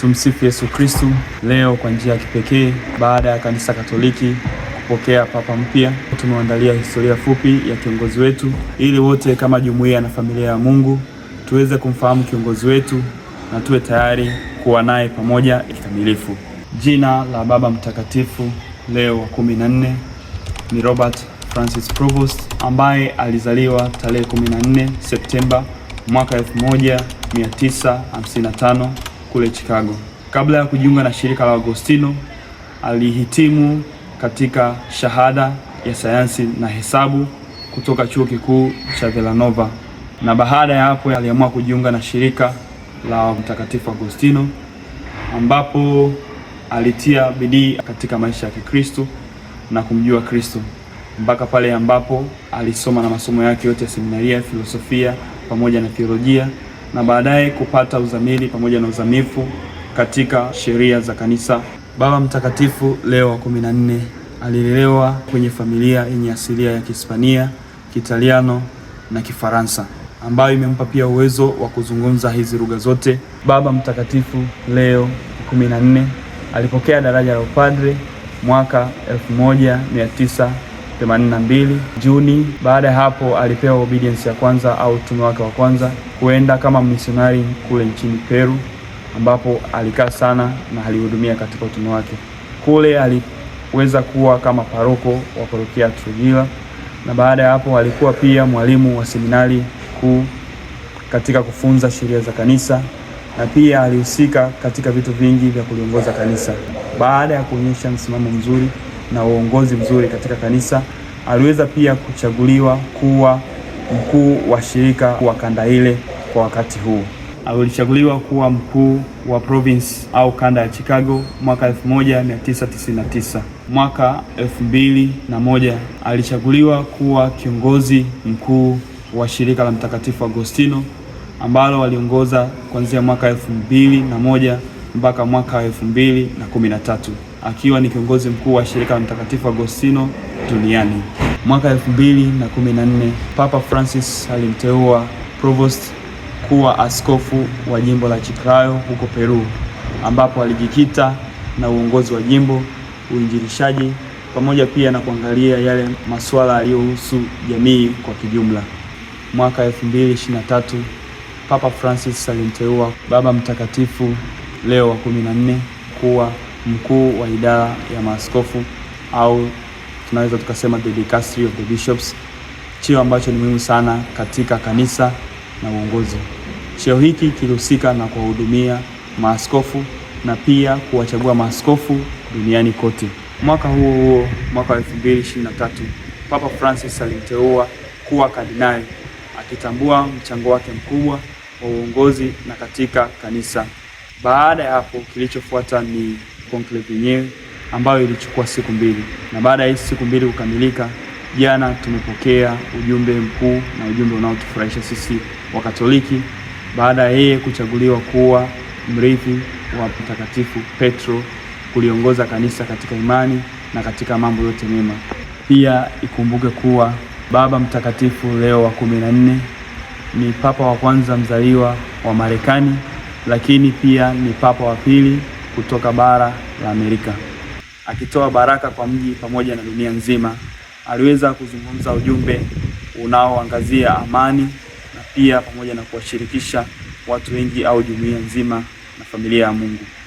Tumsifu Yesu Kristu. Leo kwa njia ya kipekee, baada ya kanisa Katoliki kupokea papa mpya, tumeandalia historia fupi ya kiongozi wetu, ili wote kama jumuiya na familia ya Mungu tuweze kumfahamu kiongozi wetu na tuwe tayari kuwa naye pamoja kikamilifu. Jina la Baba Mtakatifu Leo wa kumi na nne ni Robert Francis Provost ambaye alizaliwa tarehe 14 Septemba mwaka 1955 kule Chicago. Kabla ya kujiunga na shirika la Agostino, alihitimu katika shahada ya sayansi na hesabu kutoka chuo kikuu cha Villanova, na baada ya hapo aliamua kujiunga na shirika la Mtakatifu Agostino ambapo alitia bidii katika maisha ya Kikristo na kumjua Kristo mpaka pale ambapo alisoma na masomo yake yote ya seminaria, filosofia pamoja na theolojia na baadaye kupata uzamili pamoja na uzamifu katika sheria za kanisa. Baba Mtakatifu Leo wa kumi na nne alilelewa kwenye familia yenye asilia ya Kihispania, Kitaliano na Kifaransa ambayo imempa pia uwezo wa kuzungumza hizi lugha zote. Baba Mtakatifu Leo wa kumi na nne alipokea daraja la upadre mwaka 1900 82 Juni. Baada ya hapo alipewa obedience ya kwanza au utume wake wa kwanza kuenda kama misionari kule nchini Peru, ambapo alikaa sana na alihudumia katika utume wake kule. Aliweza kuwa kama paroko wa parokia Trujillo, na baada ya hapo alikuwa pia mwalimu wa seminari kuu katika kufunza sheria za kanisa na pia alihusika katika vitu vingi vya kuliongoza kanisa. Baada ya kuonyesha msimamo mzuri na uongozi mzuri katika kanisa. Aliweza pia kuchaguliwa kuwa mkuu wa shirika wa kanda ile kwa wakati huu. Alichaguliwa kuwa mkuu wa province au kanda ya Chicago mwaka 1999. Mwaka 2001 alichaguliwa kuwa kiongozi mkuu wa shirika la Mtakatifu Agostino ambalo waliongoza kuanzia mwaka 2001 mpaka mwaka 2013 akiwa ni kiongozi mkuu wa shirika la Mtakatifu Agostino duniani. Mwaka 2014 Papa Francis alimteua Provost kuwa askofu wa jimbo la Chiclayo huko Peru, ambapo alijikita na uongozi wa jimbo, uinjilishaji, pamoja pia na kuangalia yale masuala yaliyohusu jamii kwa kijumla. Mwaka 2023 Papa Francis alimteua Baba Mtakatifu Leo wa 14 kuwa mkuu wa idara ya maaskofu au tunaweza tukasema the dicastery of the bishops, cheo ambacho ni muhimu sana katika kanisa na uongozi. Cheo hiki kilihusika na kuwahudumia maaskofu na pia kuwachagua maaskofu duniani kote. Mwaka huo huo, mwaka wa 2023 Papa Francis alimteua kuwa kardinali akitambua mchango wake mkubwa wa uongozi na katika kanisa. Baada ya hapo, kilichofuata ni conclave yenyewe ambayo ilichukua siku mbili, na baada ya hizi siku mbili kukamilika, jana tumepokea ujumbe mkuu na ujumbe unaotufurahisha sisi wa katoliki baada ya yeye kuchaguliwa kuwa mrithi wa Mtakatifu Petro kuliongoza kanisa katika imani na katika mambo yote mema. Pia ikumbuke kuwa Baba Mtakatifu Leo wa kumi na nne ni papa wa kwanza mzaliwa wa Marekani, lakini pia ni papa wa pili kutoka bara la Amerika, akitoa baraka kwa mji pamoja na dunia nzima. Aliweza kuzungumza ujumbe unaoangazia amani na pia pamoja na kuwashirikisha watu wengi au jumuiya nzima na familia ya Mungu.